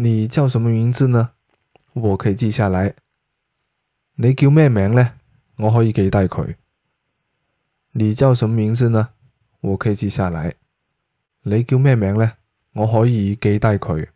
你叫什麼名字呢？我可以記下來。你叫咩名呢？我可以記低佢。你叫什麼名字呢？我可以記下來。你叫咩名呢？我可以記低佢。